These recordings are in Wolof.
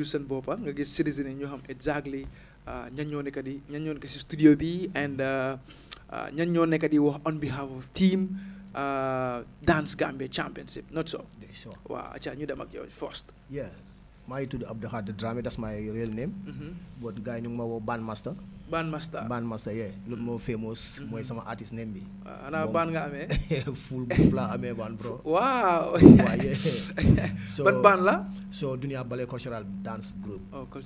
use seen boppa nga gis citizen yi ñoo xam exactly ah, ñan ñoo nekk di ñan ñoo nekk si studio bi and ah, ah, ñoo nekk di wax on behalf of team Dance Gambia Championship not so waaw acca ñu dem ak yow first yeah maa ngi tudd Abdou Hadj Dramé that's my real name mm-hmm. but gars ma woo Bandmaster Ban Master Ban Master moo famous mm-hmm. mooy sama artist name bi ana ah, Ban nga amee eh? full group la amee Ban bro waaw waaye so ban Ban la so Dunia Ballet cultural dance group oh, oh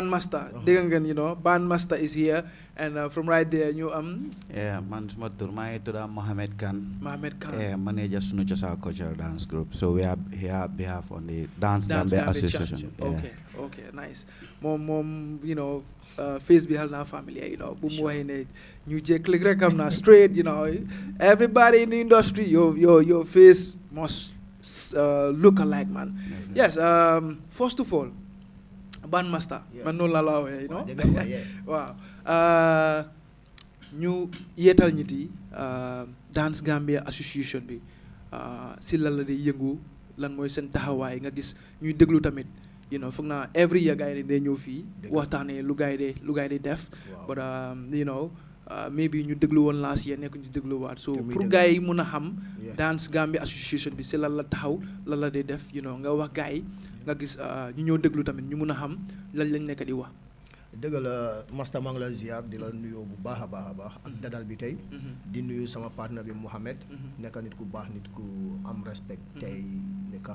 Master uh-huh. dégg ngeen you know Ban Master is here and uh, from right there man suma tur maa ngi tudd Khan Mohamed Khan manager sunu cultural dance group so we are behalf on the Dance Gambia Association okay okay nice moom moom you know uh, face bi xal naa familia you know bu mu waxee ne ñu jékki rek am na straight you know everybody in the industry your face must uh, look alike man um, first of all bandmaster man noonu la la waxee you waaw uh, ñu yeetal ñit yi Dance Gambia Association bi si lan la di yëngu lan mooy seen taxawaay nga gis ñuy déglu tamit you know foog naa every year gars yi day ñëw fii waxtaanee lu gars yi day lu gars yi day def but um, you know uh, maybe ñu déglu woon last year nekk ñu déglu waat so pour gars yi mun a xam dance Gambia association bi si lan la taxaw lan la day def you know nga wax gars yi nga gis uh, ñu ñëw déglu tamit ñu mun a xam lan lañ nekk di wax dëgg la Master maa ziar di la nuyoo bu baax a baax a baax ak mm-hmm. dadal bi tey mm-hmm. di nuyu sama partenaire bi Mouhamed mm-hmm. nekk nit ku baax nit ku am respect tey nekk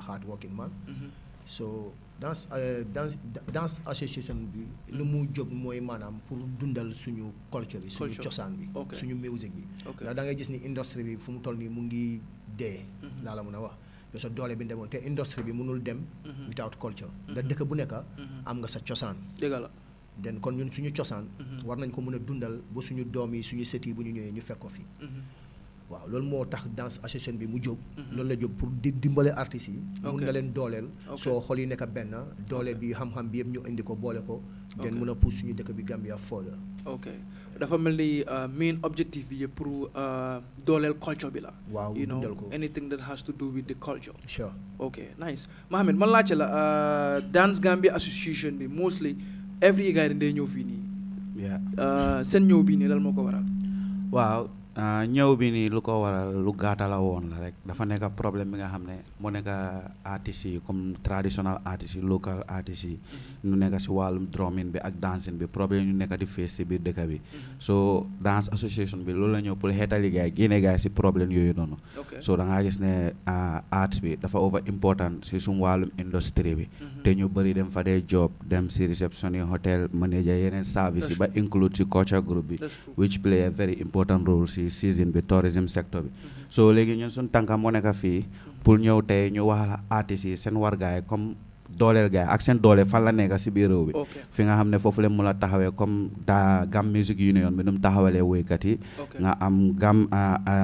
so dans euh, dans dans association bi lu mu jóg mooy maanaam pour dundal suñu culture bi suñu cosaan bi suñu musique bi ndax da ngay gis ni industrie bi fu mu toll nii mu ngi dee mhm. laa la mën a wax parce que doole bi demoon te industrie bi mënul dem mhm. without culture mhm. ndax dëkk bu nekk am nga sa cosaan dëgg la den kon ñun suñu cosaan war nañ ko mun a dundal ba suñu doom yi suñu sët bu ñu ñëwee ñu fekk ko fi waaw loolu moo tax danse association bi mu jóg. Mm-hmm. loolu la jóg pour di dimbale artistes yi. mun na leen dooleel. soo xol yi nekk benn doole bi xam-xam bi yëpp ñu indi ko boole ko. den mën a pousse suñu dëkk bi Gambia further. ok dafa mel ni euh, main objectif bi yëpp pour euh, dooleel culture bi la. waaw you know anything that has to do with the culture. sure ok nice Mohamed man laajte la euh, Dance Gambia Association bi mostly every year gars yi dañ dee ñëw fii nii. seen ñëw bi nii lan moo ko waral. waaw. Euh, ñëw bi nii lu ko waral lu la woon la rek dafa nekk problème bi nga xam ne mu nekk artistes yi comme traditional artistes yi local artistes yi mm-hmm. ñu nekk si wàllum drumming bi ak dancing bi problème ñu nekk di fees si biir dëkk bi mm-hmm. so dance association bi loolu la ñëw pour xeetali gaay génne gaay si problème yooyu noonu so da ngaa gis ne euh, arts bi dafa over important si suñu wàllum industrie bi mm-hmm. te ñu bëri dem fa dee job dem si réception yi hôtel manager yeneen service yi ba include si culture group bi si season bi tourism sector bi so léegi ñun suñ tànka moo nekk fii pour ñëw tey ñu wax artistes yi seen wargaay comme dooleel gaay ak seen doole fan la nekk si biir réew bi fi nga xam ne foofu leen mun a taxawee comme da gam music union bi nu mu taxawalee woykat nga am gam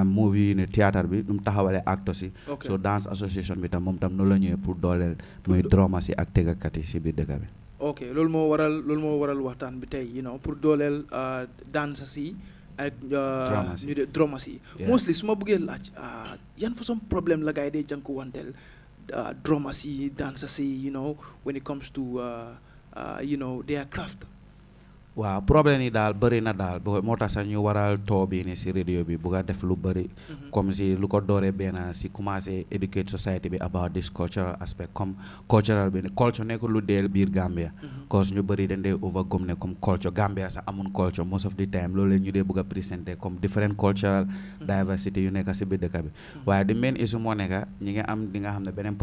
movie union théâtre bi nu mu taxawalee yi so dance association bi tam moom tam noonu la ñëwee pour dooleel muy drama si ak tegakat yi si biir dëkk bi ok moo waral waxtaan bi tey you know pour ak euh, ñu de mostly su ma bëggee laaj euh, yan façon problème la gars yi dee jànkuwanteel euh, dromas yi dansas you know when it comes to you know their craft waaw problème yi daal bëri na daal moo tax sax ñu waral too bi ni si radio bi bu nga def lu bëri mm-hmm. comme si lu ko dooree benn si commencé educate society bi about this cultural aspect comme cultural bi culture nekkul lu deel biir Gambia mm-hmm. cause ñu bëri den dee over gom comme culture Gambia sax amun culture most of the time loolu leen ñu dee bëgg a présenté comme different cultural mm-hmm. diversity yu nekk si biir dëkk bi waaye di main issue moo nekk ñi nga am nga xam ne beneen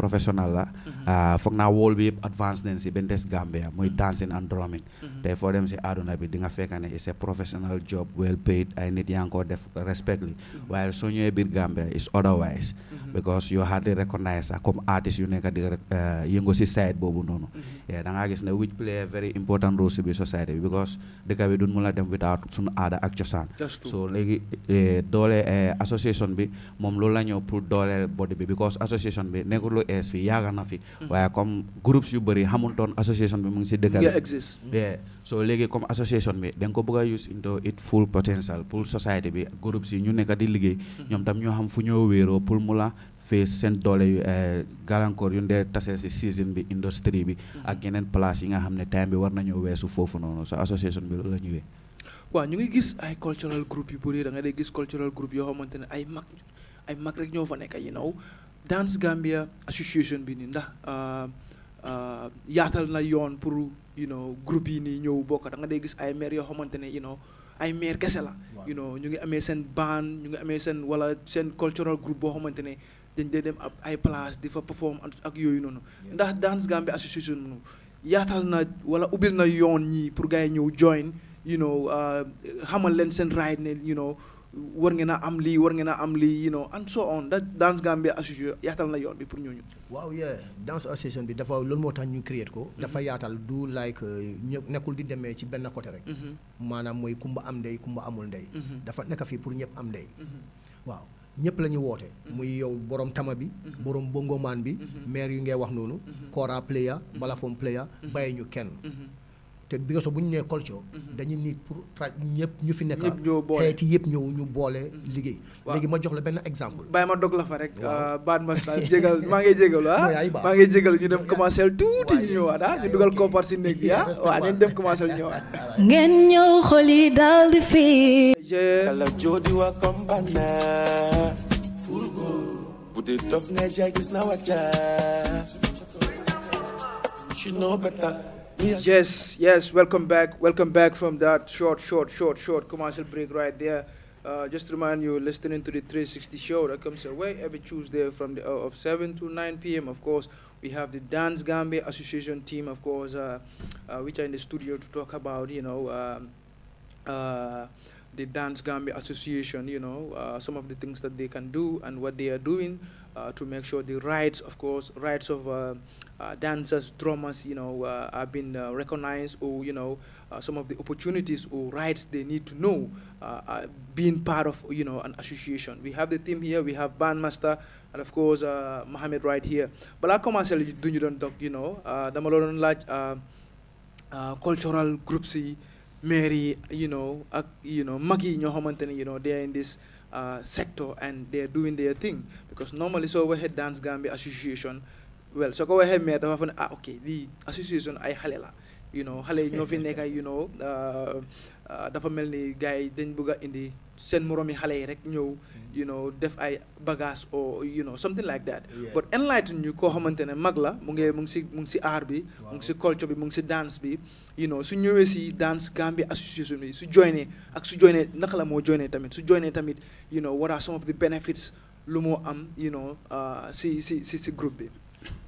la ah, foog naa wóol yëpp advance nañ si benn des Gambia muy dancing and na bi di nga fekk ne it's a professional job well paid ay nit yaa ngi koo def respect li mm-hmm. waaye soo ñëwee biir Gambia is otherwise mm-hmm. because you hardly recognize comme artist yu nekk di eh, yëngu si side boobu noonu mm-hmm. da gis ne which play very important role bi society bi because dëkk bi duñ mun la dem without suñu aada ak cosaan so léegi eh, doole eh, association bi moom loolu la ñëw pour dooleel body bi because association bi nekkul lu ees fi yaaga na fi mm-hmm. waaye comme groupes yu bëri xamutoon association bi mu ngi si dëkk bi mm-hmm. so léegi comme association bi da nga ko bëgg a use into it full bi groupes yi ñu nekk di liggéey ñoom tam ñoo xam fu fii seen doole yu eh, gàllankoor yu ndee tasee si season bi industrie bi mm-hmm. ak yeneen place yi nga xam ne time bi war nañoo weesu foofu noonu sa association bi la ñëwee waaw ñu ngi gis ay cultural group yu bëri da nga dee gis cultural group yoo xamante ne ay mag ay mag rek ñoo fa nekk yi naw nii ndax ah, ah, yaatal na yoon pour you know groupe yi nii ñëw bokk da nga dee gis ay maire yoo xamante ne you ay maire kese la you know ñu ngi amee seen band ñu ngi amee seen wala seen cultural group boo xamante ne dañ dee dem ab ay place di fa perform ak yooyu noonu ndax Dance Gambia Association noonu yaatal na wala ubbil na yoon ñi pour gars yi ñëw join you uh, xamal leen seen right ne you war ngeen na am lii war ngeen a am lii you know and so on da Dance Gambia Association yaatal na yoon bi pour ñooñu. waaw yeah Dance Association bi dafa loolu moo tax ñu créer ko. Mm-hmm. dafa yaatal du like uh, ñëpp nekkul di demee ci benn côté rek. Mm-hmm. maanaam mooy kumba am ndey kumba amul ndey. Mm-hmm. dafa nekk fii pour ñëpp am ndey. waaw. ñëpp la ñu woote. Mm-hmm. muy yow boroom tama bi. Mm-hmm. borom bongomaan bi. Mm-hmm. maire yu ngay wax noonu. Kora Playa. Balafon ya bàyyi ñu kenn. te bi nga bu ñu nee culture. Mhm. dañu nit pour tra ñëpp ñu fi nekk. ñëpp ñoo boole yëpp ñëw ñu boole mhm. liggéey. waa léegi ma jox la benn exemple. bàyyi ma dog la fa rek. Euh, baat Bad Master jégal maa ngi jégalu ah. maa ngi jégalu ñu dem commencé tuuti ñu ñëwaat ah ñu dugal koppar si néeg bi ah waaw nañ dem commencé ñu ñëwaat. ngeen ñëw xol yi daal di gis na wàcca. Yes, yes, welcome back. Welcome back from that short, short, short, short commercial break right there. Uh, just remind you, listening to the 360 show that comes away every Tuesday from the hour uh, of 7 to 9 p.m. Of course, we have the Dance Gambia Association team, of course, uh, uh, which are in the studio to talk about, you know, um, uh, the Dance Gambia Association, you know, uh, some of the things that they can do and what they are doing. Uh, to make sure the rights, of course, rights of uh, uh, dancers, drummers, you know, are being recognized or, you know, some of the opportunities or rights they need to know being part of, you know, an association. We have the team here, we have bandmaster, and of course, Mohammed right here. Balaa commencé duñu doon dog, you know, dama la doon laaj cultural groups yi, maire yi, you know, ak, you know, mag yi ñoo xamante ne, you know, they are in this uh, sector and they're doing their thing because normally soo waxee Dance Gambia Association well soo ko waxee maire dafa fa ne ah ok lii association ay xale la you xale yi ñoo fi nekk ay you uh, uh, dafa mel ni gars yi dañ bëgg a indi seen moroomi xale yi rek ñëw mm. you def ay bagage or you know something like that but enlighten ñu koo xamante ne mag la mu ngi mu ngi si mu si art bi mu si culture bi mu ngi si dance bi you su ñëwee si dance Gambia association bi su joinee ak su joinee naka la moo joinee tamit su joinee tamit you know what are some of the benefits lu moo am you know uh, si si si si groupe bi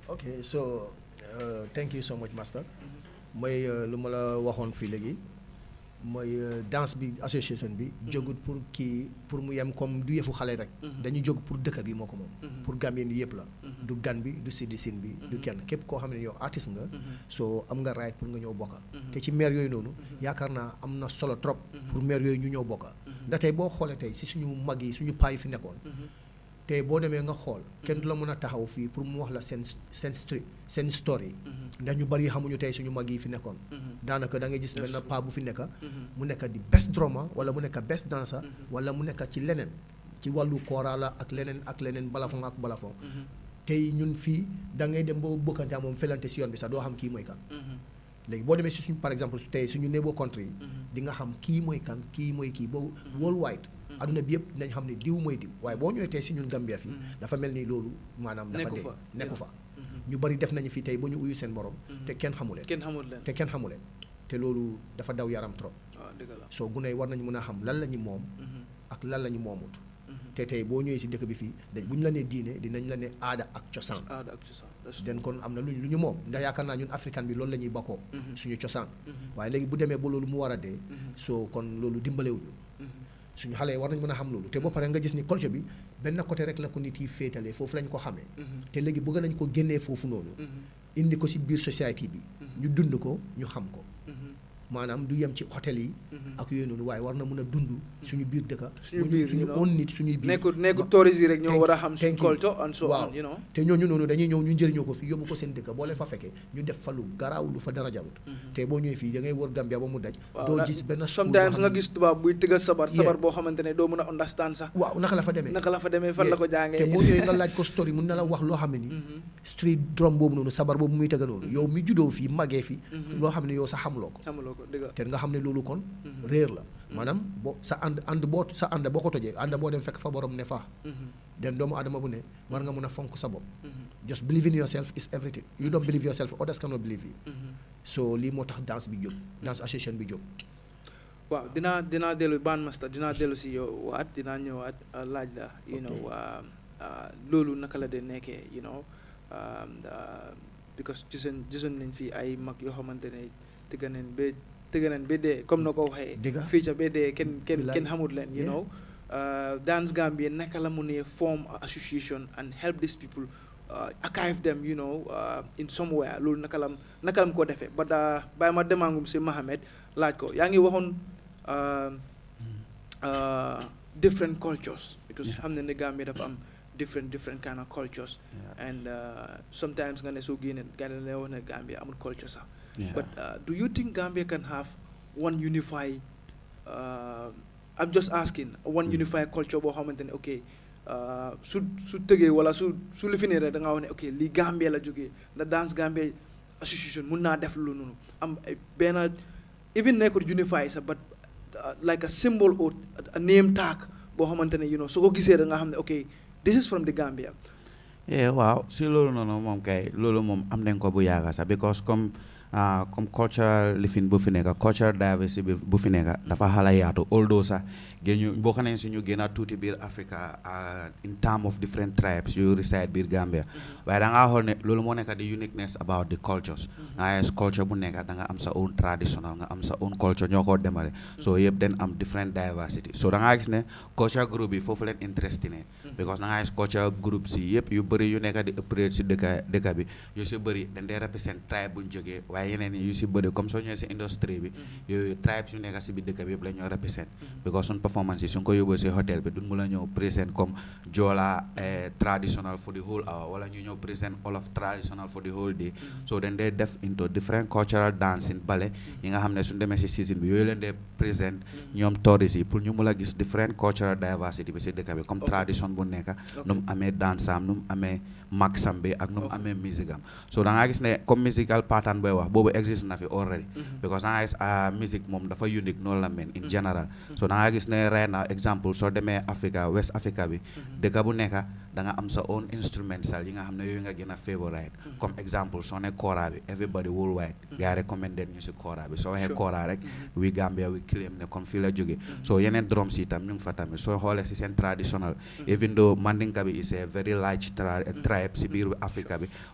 ok mooy euh, lu ma la waxoon fii léegi mooy euh, danse bi association bi. Mhm. jógut pour kii pour mu yem comme du yëfu xale rek. Mhm. dañu jóg pour dëkk bi moo ko moom. Mhm. pour Gambien yëpp la. du gan bi du Sidi Sine bi. du kenn képp koo xam ne yow artiste nga. soo am nga raay pour nga ñëw bokka te ci maire yooyu noonu. yaakaar naa am na solo trop. pour maire yooyu ñu ñëw bokka ndax boo xoolee tey si suñu mag yi suñu paa yi fi nekkoon. te boo demee nga xool mm-hmm. kenn du la mën a taxaw fii pour mu wax la seen seen stri seen story mm-hmm. ndax ñu bari xamuñu tey suñu mag yi fi nekkoon mm-hmm. daanaka da ngay gis paa bu fi nekk mu nekk di best drama wala mu nekk best dancer wala mu nekk ci leneen ci wàllu kooraa la ak leneen ak leneen balafon ak balafon tey ñun fii da ngay dem boo bëkkante ak moom felante si yoon bi sax doo xam kii mooy kan léegi boo demee suñu par exemple suñu neighbor country yi di adduna bi yëpp dinañ xam ne diw mooy diw waaye boo ñëwee tey si ñun Gambia fii mm-hmm. dafa mel ni loolu maanaam dafa dee nekku fa mm-hmm. ñu bari def nañu fii tey ba ñu uyu seen borom mm-hmm. te kenn xamuleen te kenn xamuleen te loolu dafa daw yaram trop ah, soo gune war nañu mën a xam lan la ñu moom ak la ñu moomut te boo ñëwee si dëkk bi fii dañ bu ñu la nee diine dinañ la ne aada ak ak cosaan den kon am na luñ lu ñu moom ndax yaakaar naa ñun africain bi loolu la ñuy bakkoo suñu cosaan waaye léegi bu demee ba loolu mu war a dee soo kon loolu dimbalewuñu suñu xale yi war nañ mën a xam loolu te boo paree nga gis ni culture bi benn côté rek la ko nit yi féetalee foofu lañ ko xamee mhm. te léegi bëgg nañ ko génnee foofu noonu mhm. indi ko ci biir société bi mhm. ñu dund ko ñu xam ko maanaam du yem ci hôtel yi. Mhm. ak yooyu noonu waaye war na mën a dund. suñu biir dëkka suñu biir suñu on nit suñuy biir. nekkul nekkul touristes a xam. suñu culture and so on you know. te ñooñu noonu dañuy ñëw ñu njëriñoo ko fi yóbbu ko seen dëkka boo leen fa fekkee ñu def fa lu garaaw lu fa dara jarut. Mhm. te boo ñëwee mu daj. doo gis benn sometimes nga ne doo mën a understand sax. waaw naka la laaj ko story mun na la wax loo xam ne nii. Mhm. street drum boobu noonu sabar boobu muy tëgg noonu yow mi juddoo fii màggee fi loo xam ne yow sax xamuloo ko te nga xam ne loolu kon mhm. réer la mhm. maanaam bo sa ànd ànd boo sa ànd boo ko tojee ànd boo dem fekk fa borom ne faa mhm. den doomu adama bu ne war nga mun a fonk sa bopp just believe in yourself is everything you don't believe yourself others cannot believe you so lii moo tax danse bi jóg danse association bi jóg waaw dinaa dinaa dellu baan master dinaa dellu si yow waat dinaa ñëwaat uh, laaj la you know uh, uh, loolu naka la de nekkee you know um, because gisoon tëgg nañ ba tëgg nañ ba dee comme na ko waxee. dëgg fii ca ba dee kenn kenn xamut leen. you know uh, Dance Gambia naka la mu ne form association and help these people uh, archive them uh, in somewhere loolu naka la naka la mu ko defee ba daa bàyyi ma demangum si Mohamed laaj ko yaa ngi waxoon. Um, hmm. different cultures because xam ne ne Gambia dafa am different different kind of cultures and sometimes nga ne soo génne gars yi wax ne Gambia amul culture sax. Yeah. But uh, do you think Gambia can have one unified? Uh, I'm just asking one hmm. unified culture boo xamante ne ok uh, su su tëgee wala su su lifinee rek da ngaa wax ne ok lii Gambia la jógee la dance Gambia association mun naa def lu noonu am benn even nekkul unified sax but uh, like a symbol or a name tag boo xamante ne you know soo ko gisee da nga xam ne ok this is from the Gambia. waaw si loolu noonu moom kay loolu moom am nañ ko bu yàgg sax because comme. Ah, comme cultural li fin bu fi nekk cultural diversity bu fi nekk dafa xala yaatu although sax boo bokk nañ suñu gën a tuuti biir Africa ah, in term of different tribes yu reside biir Gambia mm-hmm. waaye da xool ne loolu moo nekk di uniqueness about the cultures mm-hmm. nga yes culture bu nekk da nga am sa own traditional nga am sa own culture ñoo ko demale mm-hmm. so yëpp den am different diversity so da ngaa gis ne culture group yi foofu leen interesting ne because da ngaa gis culture group si yëpp yu bëri yu nekk di operate waaye yeneen yu si bëri comme soo ñëwee si industrie bi mhm. yooyu tribes yu nekk si biir dëkk bi yëpp la ñoo represent mhm. because suñ performance yi suñ ko yóbboo si hôtel bi duñ mu la ñëw present comme Joola eh, traditional for the whole hour wala ñu ñëw present all of traditional for the whole day mhm. so dañ dee def into different cultural dancing ballet yi nga xam ne suñ demee si season bi yooyu leen dee present ñoom tourist pour ñu mun a gis different cultural diversity bi si dëkk bi comme tradition bu nekk nu mu amee dansaam nu mu amee maxam bi ak nu mu amee music am so da ngaa gis ne comme musical pattern booy wax boobu exist na fi already mhm. because da gis ah, moom dafa unique noonu la mel in mhm. general mhm. gis ne right now exemple soo demee Africa West Africa bi dëkk bu nekk da nga am sa own instrumental yi nga xam ne yooyu nga gën a favorite comme exemple soo ne kora bi everybody gaa recommended ñu si kora soo waxee kora rek wi Gambia wi claim ne comme fii la jóge so yeneen drums yi tam ñu fa tamit soo xoolee si seen traditional even though tribes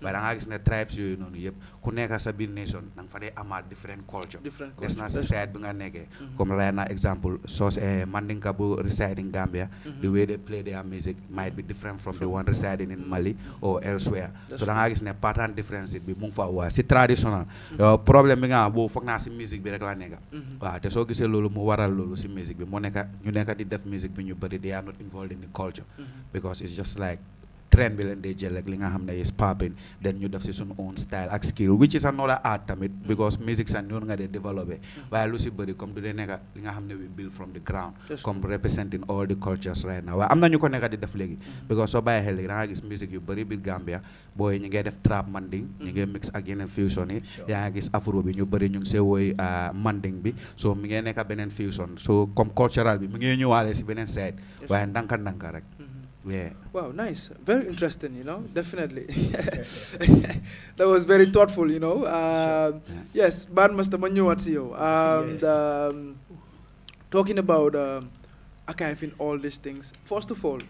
da ngaa gis ne tribes yooyu noonu yëpp ku nekk sa biir nation da fa dee amaat different culture des na si side bi nga nekkee mm-hmm. comme right now example soos eh, mandinka bu residing Gambia mm-hmm. the way they play their music might be different from the one residing in Mali or elsewhere so da gis ne pattern difference bi mu ngi fa waa si traditional mm-hmm. problème bi nga boobu foog naa si musique bi rek la nekka waaw te soo gisee loolu mu waral loolu si mu trend bi leen dee jël ak li nga xam ne is then ñu def si suñu own style ak skill which is another art tamit mm-hmm. because music sax noonu nga dee développé mm-hmm. waaye lu si bëri comme du dee nekka li nga xam ne we build from the ground comme representing all the cultures right now waaye am na ñu ko nekka di def léegi mm-hmm. because soo bàyyi xel léegi da gis music yu bëri biir Gambia booy ñu ngey def trap manding ñu ngey mix ak yeneen fusion yi yaa nga gis afro bi ñu bëri ñu ngi see wooy uh, manding bi so mi ngey nekka beneen fusion so comme cultural bi mi ngey ñëwaale si beneen side waaye ndanka ndanka rek Yeah. Wow, nice. Very interesting, you know, definitely. that was very thoughtful, you know. Um, sure. yeah. Yes, Bandmaster Manu at you. Um, And um, talking about um, archiving all these things, first of all,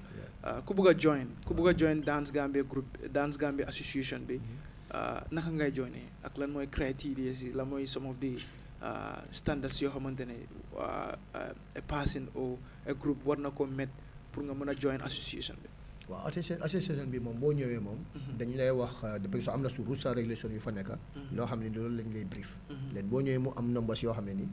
uh, Kubuga join. Kubuga join Dance Group, Dance Gambia Association. Be. Mm-hmm. Uh, naka ngay joinee ak lan a criteria si la mooy some of the uh, standards yoo xamante ne a person or a group war na ko pour nga mën a join association bi. waaw association bi moom boo ñëwee moom. Mhm. dañu lay wax euh, depuis soo am na su rusa régulation yu fa nekk. Mhm. loo xam ne loolu lañ lay brief. Mhm. léegi boo ñëwee mu am nombres yoo xam ne nii.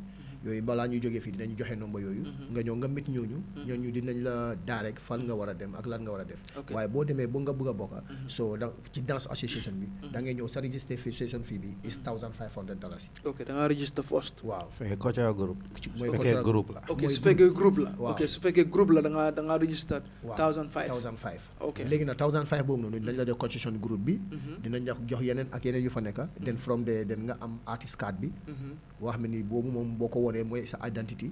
yooyu balaa ñuy jógee fii dinañ joxe nomba yooyu mm-hmm. nga ñëw nga mit ñooñu mm-hmm. ñooñu dinañ la daarek fan nga war a dem ak lan nga war a def waaye a bokk mm-hmm. so da ci dance yi boobu noonu dañ la def constitution groupe bi dinañ la jox yeneen ak yeneen yu fa nekk den from the den nga am artist card bi boo xam ni boobu moom boo ko wanee mooy sa identité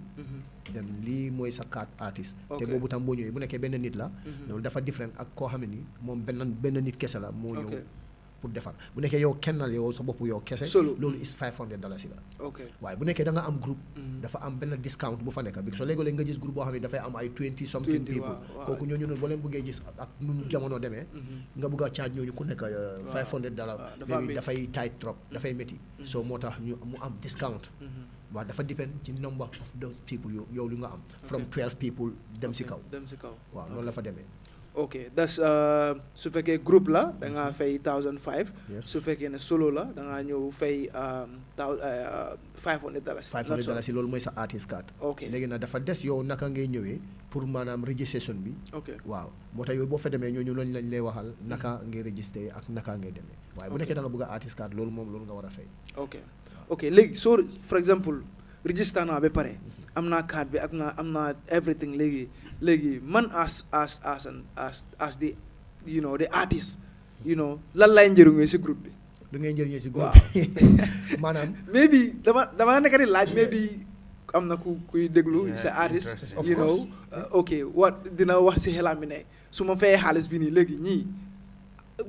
dan mhm. lii mooy sa carte artiste te boobu tam boo ñëwee bu nekkee benn nit la mhm. loolu dafa différent ak koo xam ne ni moom benn benn nit kese la moo ñëw pour defar bu nekkee yow kennal yow sa bopp yow kese loolu is five hundred dalasi la waaye bu nekkee da nga am groupe mm. dafa am benn discount bu fa nekk parce que léeg-léeg nga gis groupe boo xam ne dafay am ay twenty something people kooku ñooñu noonu boo leen bëggee gis ak mm-hmm. mm-hmm. a charge ñooñu ku nekk euh, five hundred dollars mm-hmm. moo tax ñu mu am discount waaw dafa dépend ci number of those people yow yow li nga am from twelve people si kaw waaw loolu la fa demee ok das euh, su fekkee group la da ngaa fay thousand five. su fekkee ne solo la da ngaa ñëw fay euh, euh, five hundred dollars. five hundred dollars loolu mooy sa artist card. ok léegi nag dafa des yow naka ngay ñëwee pour maanaam registration bi. ok waaw moo tax yooyu boo fa demee ñooñu loolu lañ lay waxal naka ngay registré ak naka ngay demee. waaye bu nekkee da nga bëgg a artist card loolu moom loolu nga war a fay. ok ok léegi soo for exemple registré naa ba pare. Mm-hmm. am naa carte bi ak naa am naa everything léegi léegi man as as as as as di you know the artist you know lay njëriñoo si groupe bi. lu ngay njëriñoo si groupe bi maanaam. maybe dama dama nekk di laaj maybe. am na ku kuy déglu sa artiste you know uh, ok wa dina wax si xelam bi ne su ma fayee xaalis bi nii léegi ñii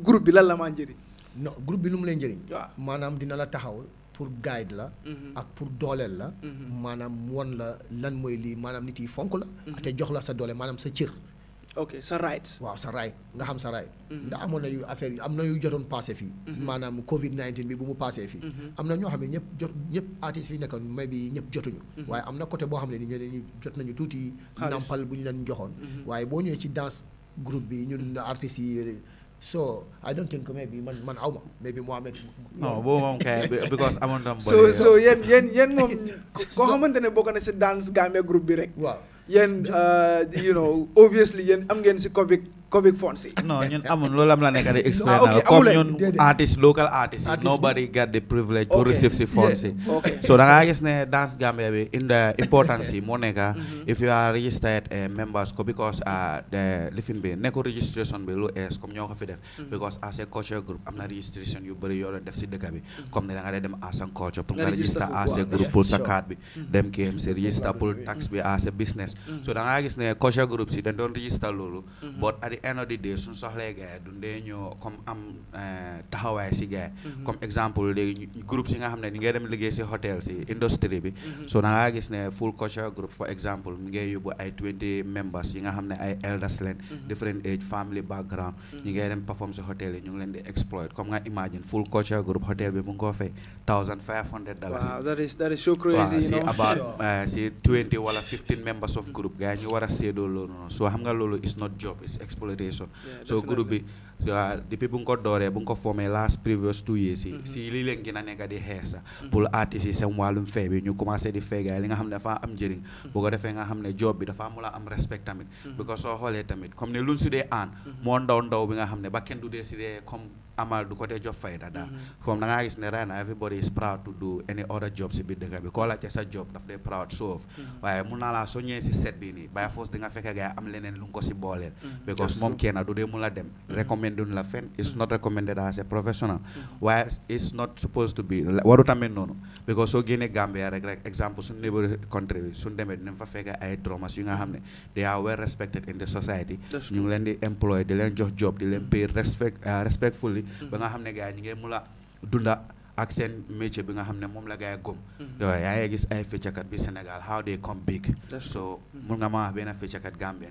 groupe bi lan la maa njëriñ non groupe bi lu mu lay njëriñ waaw maanaam dina la taxawul pour guide la mm-hmm. ak pour dooleel la mm-hmm. maanaam won la lan mooy lii maanaam nit yi fonk la mm-hmm. te jox la sa doole maanaam sa cër ok sa right waaw sa right nga xam sa right ndax amoon na yu affaire yi am na yu jotoon passé fii maanaam covid 19 bi bu mu passé fii am na ñoo xam ne ñëpp jot ñëpp artistes yi nekkoon may bi ñëpp jotuñu waaye am na côté boo xam ne ni ñeneen jot nañu tuuti nampal bu ñu leen joxoon waaye boo ñëwee ci danse groupe bi ñun artistes yi so I don't think maybe man man aw ma maybe Mohamed. non boobu moom kay because amoon na. so so yéen yéen yéen moom. koo xamante ne bokk na si dance Gambia group bi rek. waaw yéen uh, you obviously yéen am ngeen si Covid. comic fonts yi. non ñun amul loolu am la nekk di explain ah, na comme ñun artist local artist yi nobody got the privilege to receive si fonts yi so da ngaa gis ne Dance Gambia bi in the importance yi moo nekk mhm. if you are registered eh, members ko because ah, lifin bi nekko registration bi lu ees comme ñoo ko fi def mhm. because as a culture group am na registration yu bëri yoo doon def si dëkk bi mhm. comme ne da nga dee dem as a culture pour nga register as a group pour sa carte bi dem KMC register pour tax bi as a business so da ngaa gis ne culture group si dañ doon register loolu but the end of the day suñ soxlee gars yi dundee ñoo comme am eh, taxawaay si gars yi mhm. comme exemple léegi groupe si nga xam ne ni ngay dem liggéey si hôtel si industrie bi mhm. so da ngaa gis ne full culture group for example mi ngay yóbbu ay 20 members yi nga xam ne ay elders leen mhm. different age family background ñi ngay dem perform si hôtel yi ñu ngi leen di exploit comme nga imagine full culture group hôtel bi mu ngi koo fay 1500 about si eh, wala members of group gars ñu war a consolidation yeah, so group bi so, uh, depuis bu nga ko dooree bu nga ko formé last previous two years si mm-hmm. si lii leen gën a nekk di xeex sax pour mm-hmm. artistes yi seen wàllum fee bi ñu commencé di feegaay li nga xam ne dafa am njëriñ mm-hmm. bu ko defee nga xam ne job bi dafa amul a am respect tamit because soo xoolee tamit comme ne luñ su dee aan moo ndaw ndaw bi nga xam ne ba kenn du dee si dee comme amal du ko dee job fayda daal mm-hmm. comme da ngaa gis ne right now everybody is proud to do any other job si biir bi koo laajte sa job daf dee proud soof mm-hmm. waaye mun naa laa soo ñëwee si set bi nii by force di nga fekkee gaa am leneen lu nga ko si booleel mm-hmm. because moom kenn du dee mun la dem recommendé la fen it's not recommended as a professional waaye it's not supposed to be waru tamit noonu because soo génnee Gambia rek rek exemple suñu neighbor country bi suñu demee dinañ fa fekk ay xam ne they are well respected in the society ñu di employ di leen di leen pay respect uh, respectfully ba nga xam ne gars yi ñi ngay mën dunda ak seen bi nga xam ne moom la gars yi gëm. Mm-hmm. yow yaa ngi gis ay feccakat bi mm-hmm. nga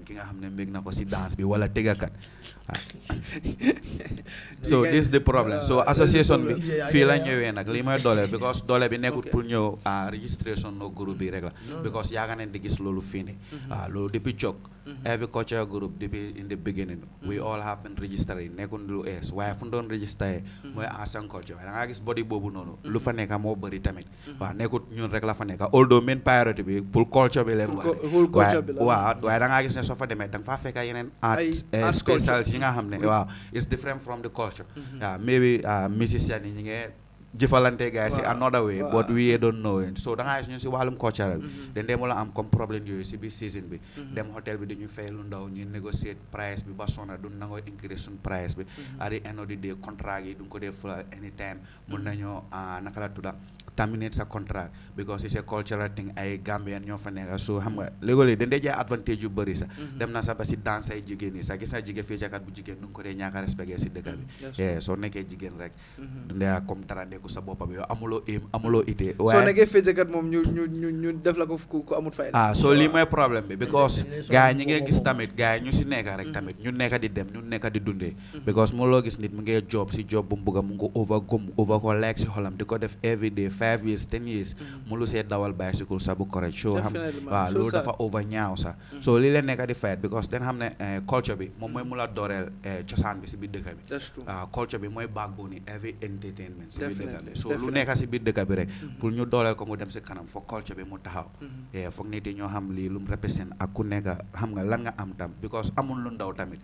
ki nga xam ne mbég na ko si danse bi wala tëggakat. so this is the problem so association bi fii la ñëwee nag lii mooy doole because doole bi nekkul pour ñëw à ah, registration no groupe bi rek la. di gis loolu fii nii. waaw mm-hmm. ah, loolu depuis Chok. waaye fu mu doon registré. mooy ancien culture waaye da gis body boobu noonu lu fa nekka moo bëri tamit mm-hmm. waaw nekkut ñun rek la fa nekka although main priority bi pour culture bi leen wax waaw waaye da gis ne soo fa demee da fekka yeneen art eh, specials yi nga xam ne mm-hmm. waaw it's different from the culture waaw mm-hmm. maybe ah, musician yi ñi ngee jëfalante gars si another way but we don't know it so da ngaa ñu si wàllum cultural dañ dee mën a am comme problème yooyu si biir season bi mm-hmm. dem hôtel bi dañuy fay lu ndaw ñu négocier price bi ba sonna du nangoo increase suñ price bi mm-hmm. at the end of the day contrat yi du nga ko dee fula anytime mun mm-hmm. nañoo ah, naka la tudda terminate sa contract because it's a cultural thing ay Gambian ñoo fa nekk so xam nga léeg-léeg jaay advantage yu bëri sax mm-hmm. dem na sax ba si danse ay jigéen yi sax gis naa jigéen fii bu jigéen nu nga ko dee ñaaka respecté si dëkk bi mm-hmm. soo nekkee jigéen rek mm-hmm. dandeyaa comme dara nekku sa boppam yow amuloo aim amuloo idée soo nekkee fii moom ñu def la ko ku amut fay ah so lii mooy problème bi because gars ñi ngay gis tamit gars ñu five years ten years mm-hmm. mu lu see dawal bicycle sa bu correct so xam waaw loolu dafa over ñaaw sax mm-hmm. so lii leen nekk di fight because den xam ne eh, culture bi moom mm-hmm. la dooreel eh, cosaan bi si biir dëkk bi waaw ah, culture bi mooy every entertainment si bi so lu nekk si biir dëkk bi rek pour ñu dooreel ko mu dem si kanam foog culture bi mu taxaw eh, foog nit yi ñoo xam lii lu mu represent ak ku nekk xam nga lan nga am tam because amul lu ndaw tamit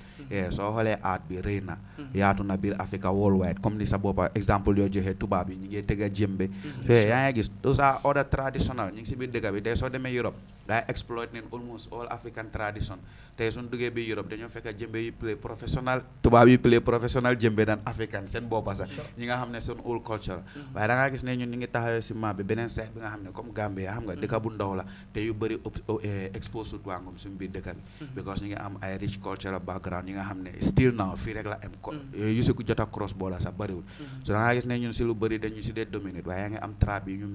soo xoolee art bi rëy na yaatu na biir Africa worldwide comme ni sa boppa exemple yoo joxe tubaab yi ñu ngi tega jëmbe te yaa ngi gis tout ça ordre traditionnel ñu ngi si biir dëkk bi tey soo demee Europe gaa yi exploit neen almost all African tradition tey suñ duggee bi Europe dañoo fekk jëmbe yu play professionnel tubaab yu play professionnel jëmbe daan African seen boppa sax ñi nga xam ne seen old mm-hmm. ñu ngi taxawee si maa bi mm-hmm. eh, mm-hmm. am ay rich cultural background ñi nga xam ne still now fii rek la am yu si jot a cross border sax si lu bëri dañu si dee dominate ngi am trap yi ñu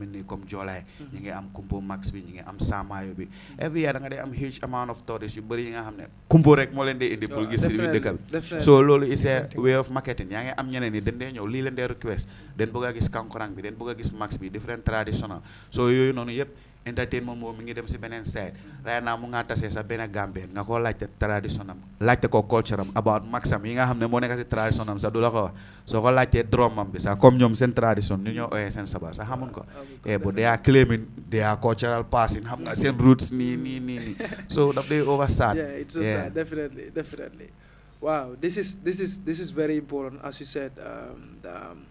max bi ñi ngi am saamaayo bi every year da nga am huge amount of tourists yu bëri yi nga xam ne kumpo rek moo leen dee indi pour gis suñu dëkk bi so loolu is way of marketing yaa ngi am ñeneen ni dee ñëw lii leen dee request den bëgg a gis kankurang bi den bëgg a gis max bi different traditional so yooyu noonu yëpp entertainment moom mi ngi dem si beneen side right now mu ngaa tasee sa benn Gambien nga koo laajte tradition laajte ko culture about maxam yi nga xam ne moo nekk si tradition sax du la ko soo ko laajtee drum bi sax comme ñoom seen tradition ñu ñoo ooyee seen sabar sax xamuñ ko ah, eh, bu they are claiming they are cultural passing xam nga seen roots nii nii so daf day over definitely definitely wow this is very important as you said um, um,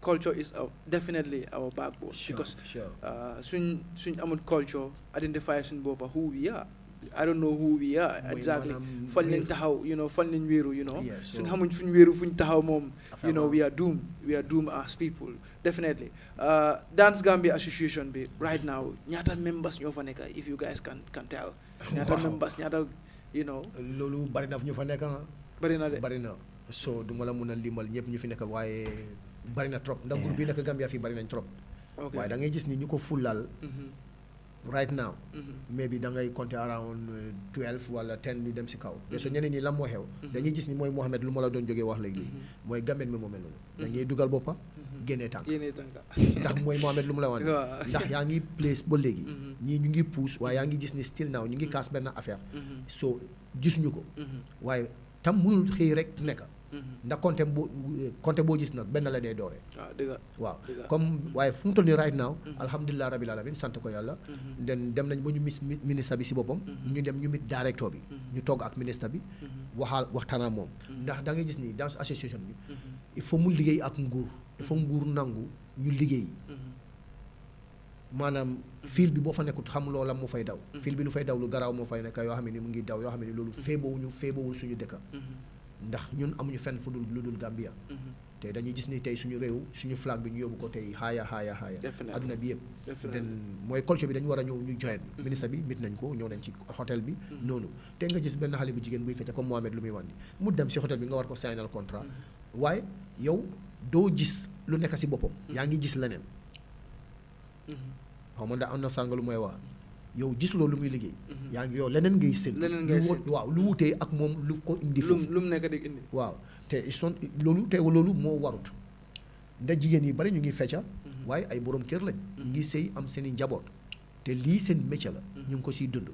culture is our, definitely our backbone. Sure, because uh, suñ Uh, soon, soon amul culture identify soon boba who we are. I don't know who we are exactly. Fan nañ taxaw you know fan lañ wéeru you know. suñ xamuñ fuñ taxaw moom. you know we are doomed we are doomed as people definitely. Uh, Dance Gambia Association bi right now ñaata members ñoo fa nekk if you guys can tell. ñaata members ñaata loolu bari na ñu fa nekk ah. bari na de bari na so du ma la mun a limal ñëpp ñu fi nekk waaye. bari na trop ndax groupe bi nekk Gambia fii bari nañ trop. waaye dangay gis ni ñu ko fullaal. Mhm. right now. Mhm. mais bi da ngay compter around eh, twelve wala ten ñu dem si kaw. Mhm. mais su ñeneen ñi lan moo xew. dañuy gis ni mooy Mohamed lu ma la doon jógee wax léegi. mooy Gamben mi moo mel noonu. dañuy dugal boppa génnee tànk ndax mooy Mohamed lu ma la wan. ndax yaa ngi place ba léegi. ñii ñu ngi puus waaye yaa ngi gis ni still now ñu ngi kaas benn affaire. so gis ñu ko. waa tam mënul xëy rek nekk. Mhm. ndax compté bu compté boo gis nag benn la dee dooree. Ah, waaw dëgg waaw comme waaye fu mu toll nii right now. Mhm. alhamdulilah rabil alamin sant ko yàlla. den mhm. dem nañ ba ñu mis ministre bi si boppam. ñu dem ñu mit directeur bi. ñu togg ak ministre bi. waxaal waxtaan ak moom. ndax da ngay gis ni dans association bi. il faut mu liggéey ak nguur. il faut nguur nangu ñu liggéey. maanaam fil bi boo fa nekkut xam loola mu fay daw. fil bi lu fay daw lu garaaw moo fay nekk yoo xam ni mu ngi daw yoo xam loolu. feebawuñu feebawul suñu dëkk. ndax ñun amuñu fenn fu dul lu dul Gambia. Mhm. te dañuy gis ni tey suñu réew suñu flag bi ñu yóbbu ko tey xaaya xaaya xaaya adduna bi yëpp mooy culture bi dañu war a ñëw ñu joxe mhm. ministre bi mit nañ ko ñëw nañ ci hôtel bi mhm. noonu te nga gis benn xale bu jigéen buy fete comme Mohamed lu muy wàndi mu dem si hôtel bi nga war ko signal contrat waaye yow doo gis lu nekk si boppam yaa ngi gis leneen xaw ma ndax am na sàngalu mooy waa yow gisuloo lu muy liggéey. Mhm. yaa ngi yow leneen ngay seen. leneen ngay seen waaw lu wutee ak moom lu ko indi. foofu lu mu nekk di indi. waaw te ils loolu te loolu moo warut nda jigéen yi bari ñu ngi fecca mhm. waaye ay borom kër lañ. Mhm. ngi sëy am seen i njaboot. te lii seen métier la. ñu ngi ko siy dund.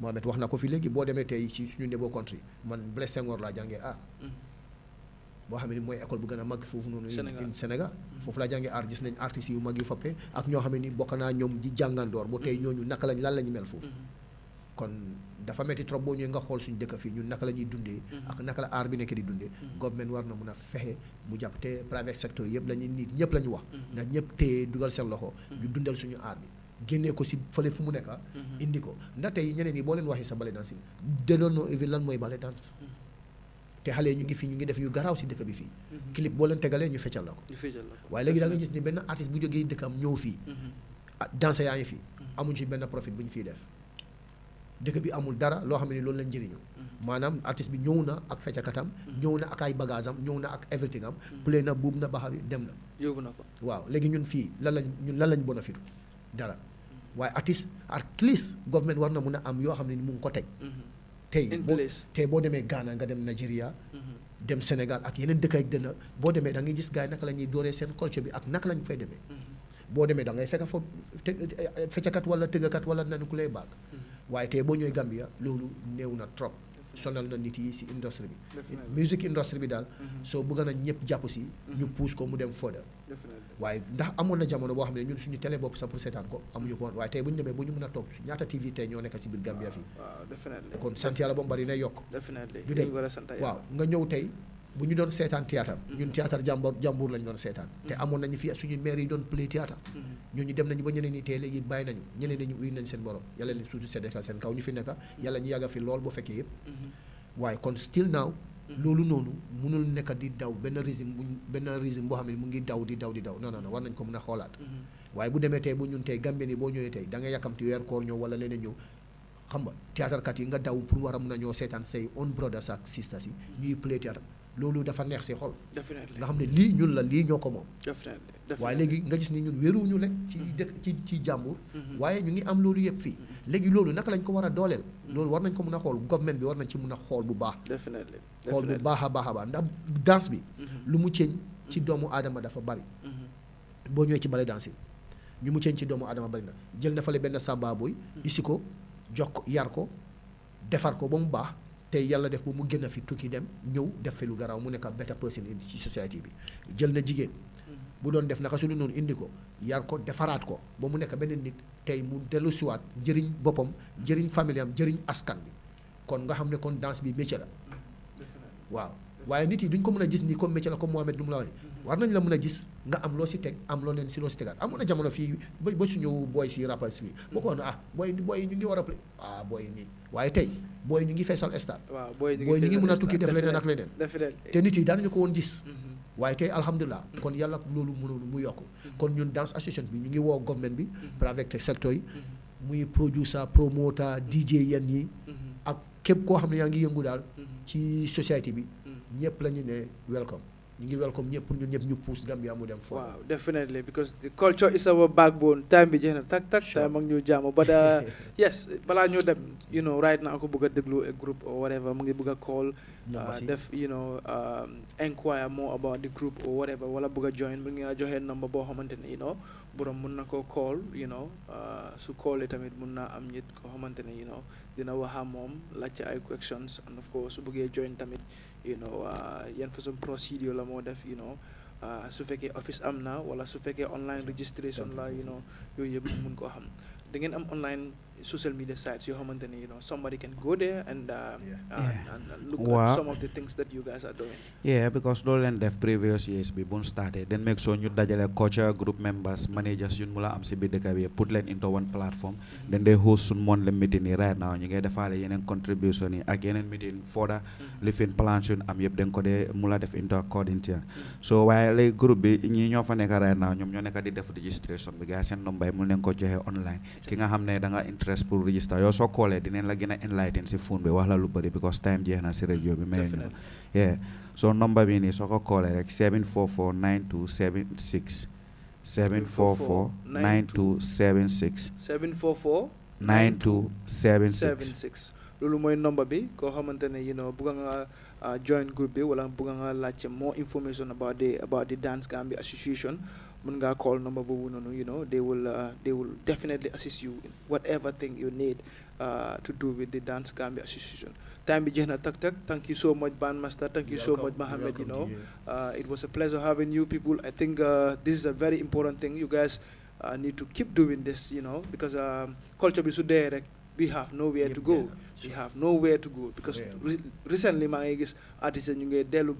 Mohamed wax na ko fi léegi boo demee tey ci suñu Ndebo country man Blaise Senghor laa jàngee ah. boo xam ne mooy école bu gën a mag foofu noonu. Sénégal Sénégal. Mm-hmm. foofu laa jàngee art gis nañ artistes yu mag yu fappe ak ñoo xam ni bokk naa ñoom jàngandoor ba tey ñooñu ñu mm-hmm. xool suñu dëkk fii ñun naka la ñuy dundee. Mm-hmm. ak naka la art bi nekk di dundee. government war na mun a fexe mu jàpp te private secteur yëpp la ñuy nit ñëpp la ñu wax. na ñëpp téye dugal seen loxo. ñu dundal suñu art bi. génnee ko si fële fu mu nekk indi ko ndax tey ñeneen yi boo leen waxee sa ballet dancing de mooy ballet te xale yi ñu ngi fi ñu ngi def yu garaaw si dëkk bi fii mhm. clip boo leen tegalee ñu feccal la ko waaye léegi da nga gis ni benn artiste bu jógee dëkkam ñëw fii mhm. ah, danse yaa ngi fii mhm. amuñ ci benn profit bu ñu fiy def dëkk bi amul dara loo xam ne loolu lañ jëriñu maanaam artiste bi ñëw na ak feccakatam ñëw na ak ay bagage am ñëw na ak everything am play na buub na baxawi dem na waaw léegi ñun fii lan lañ ñun lan lañ bon a fitu dara waaye artiste at least government na mun am yoo xam ne mu ngi ko teg tey boo tey boo demee Ghana nga dem Nigeria. Mhm. dem Sénégal ak yeneen dëkk ak dënn boo demee da ngay gis gars yi naka la ñuy dooree seen culture bi ak naka la ñu fay demee. Mhm. boo demee da ngay fekk foofu te feccakat wala tëggakat wala nan ku lay baag. Mhm. waaye tey boo ñëwee Gambia loolu néew na trop. sonal na nit yi si industrie bi musique industrie bi daal mhm. soo bëgg na ñëpp jàpp si mhm. ñu pousse ko mu dem further waaye ndax amoon na jamono boo xam ne ñun suñu télé bopp sax pour seetaan ko amuñu ko waaye tey bu ñu demee bu ñu mën a toog ñaata TV tey ñoo nekk si biir Gambia fii kon sant yàlla ba mu bari na yokk du dee waaw nga ñëw tey bu ñu doon seetaan théâtre ñun théâtre jàmbur jàmbur lañ doon seetaan te mm-hmm. amoon nañu fi suñu maire yi doon play théâtre mm-hmm. ñooñu dem nañu ba ñeneen ñi tey léegi bàyyi nañu ñeneen ñi uy nañ seen borom yàlla leen suutu seddekal seen kaw ñu fi nekka yàlla ñu yàgga fi lool bu fekkee yëpp mm-hmm. waaye kon still now loolu noonu mënul nekk di daw benn régime bu benn régime boo xam ne mu ngi daw di daw di daw non non war nañ a xoolaat waaye bu tey bu boo ñëwee tey da nga yàkkamti weer koor ñëw wala leneen ñëw xam nga théâtre yi nga daw pour war a mën a ñoo seetaan say own brothers ak sisters yi ñuy play théâtre loolu dafa neex si xol. nga xam ne lii ñun la lii ñoo ko moom. waaye léegi nga gis ni ñun wéeruwuñu lekk ci mm-hmm. dëkk ci ci jàmbur. Mm-hmm. waaye ñu ngi am loolu yëpp fii. Mm-hmm. léegi loolu naka lañ ko war a dooleel. loolu war nañ ko mun a xool government bi war nañ ci mun a xool bu baax. xool bu baax a baax a baax ndax danse bi. lu mu ceeñ ci doomu aadama dafa bari. boo ñëwee ci bale danse bi ñu mu ceeñ ci doomu aadama bari na jël na fale benn sàmba boy ko jox ko yar ko defar ko ba mu baax. tey yàlla def ko mu génn fi tukki dem ñëw def fi lu garaaw mu nekk better person indi ci société bi jël na jigéen bu doon def naka su dul noonu indi ko yar ko defaraat ko ba mu nekk beneen nit tey mu dellu siwaat njëriñ boppam njëriñ famille am njëriñ askan bi kon nga xam ne kon danse bi métier la waaw waaye nit yi duñ ko mën a gis ni comme métier la comme Mohamed lu mu la wax war nañ la mën a gis nga am loo si teg am loo leen si loo si tegaat amoon a jamono fii ba ba suñu booy si rappels bi boo ko wax ne ah booy booy ñu ngi war a play ah booy nii ñu ngi feesal stade booy ñu ngi mën a tukki def leneen ak leneen te nit yi daanañu ko woon gis mm-hmm. waaye tey alhamdulilah mm-hmm. kon yàlla loolu mu yokk mm-hmm. kon ñun dance association bi ñu ngi woo government bi avec secteur yi muy producer promoter DJ yenn yi ak képp koo xam ne yaa ngi yëngu daal ci société bi ñëpp la ñu ne welcome ñu ngi welcome ñëpp pour ñëpp ñu pousse Gambia mu dem foofu. waaw definitely because the culture is our backbone time bi jeex na tak tak. sure time ak ñu jaamu but uh, yes balaa ñoo dem you know right now ko bëgg a déglu a group or whatever mu ngi bëgg a call. Uh, def you know um, inquire more about the group or whatever wala bëgg a join mu ngi joxe number boo xamante ne you know borom mun na koo call you know uh, su callee tamit mun naa am nit koo xamante ne you know dina waxa moom laajte ay questions and of su bëggee join tamit. you know uh, yan façon procédure la moo def uh, su fekkee office am na wala su fekkee online registration la you know yooyu yëpp mun koo xam da am online social media sites yoo xamante ne you know somebody can go there and uh, yeah. Uh, yeah. and, and look wow. at some of the things that you guys are doing yeah because loolu leen def previous years bi buñ starté then make sure ñu dajale culture group members managers yun mu la am si biir dëkk bi put leen into one platform mm-hmm. then they host suñ moon le meeting yi right now ñu ngay defaale yeneen contribution yi ak yeneen meeting further mm-hmm. lifin plans yun am yëpp dañ ko dee mu la def into according to mm-hmm. so waaye lay groupe bi ñi ñoo fa nekk right now ñoom ñoo nekk di def registration bi gars seen nombre yi mu leen ko joxe online ki nga xam ne da nga interest pour register yow soo koolee dinañ la gën a enlighten si phone bi wax la lu bëri because time jeex na si radio bi mayu ñu yeah so number bi nii soo ko koolee rek 744 92 76 744 92 76 744 92 76 loolu mooy number bi koo xamante ne you know bugga nga ah, join group bi wala bugga nga laajte more information about the about the Dance Gambia Association mën nga call number boobu noonu you know they will uh, they will definitely assist you whatever thing you need uh, to do with the Dance Gambia Association time bi jeex na tak tak thank you so much Bandmaster thank you so much Mohammed you know uh, it was a pleasure having you people I think this is a very important thing you guys need to keep doing this you know because um, culture bi su dee rek we have nowhere to to go because recently maa ngi gis artistes ñu ngi dellu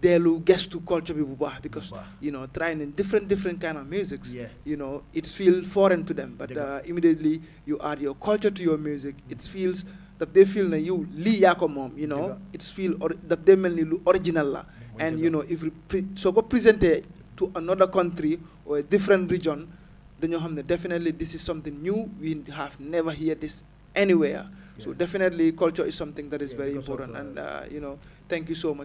dellu gestu culture bi bu baax because you know trying in different different kind of musics you know it feels foreign to them but uh, immediately you add your culture to your music it feels daf dee feel na yow lii yaa moom you know it feel daf dee mel ni lu original la and you know if soo ko présenté to another country or a different region dañoo xam ne definitely this is something new we have never heard this anywhere so definitely culture is something that is very important and uh, uh, thank you so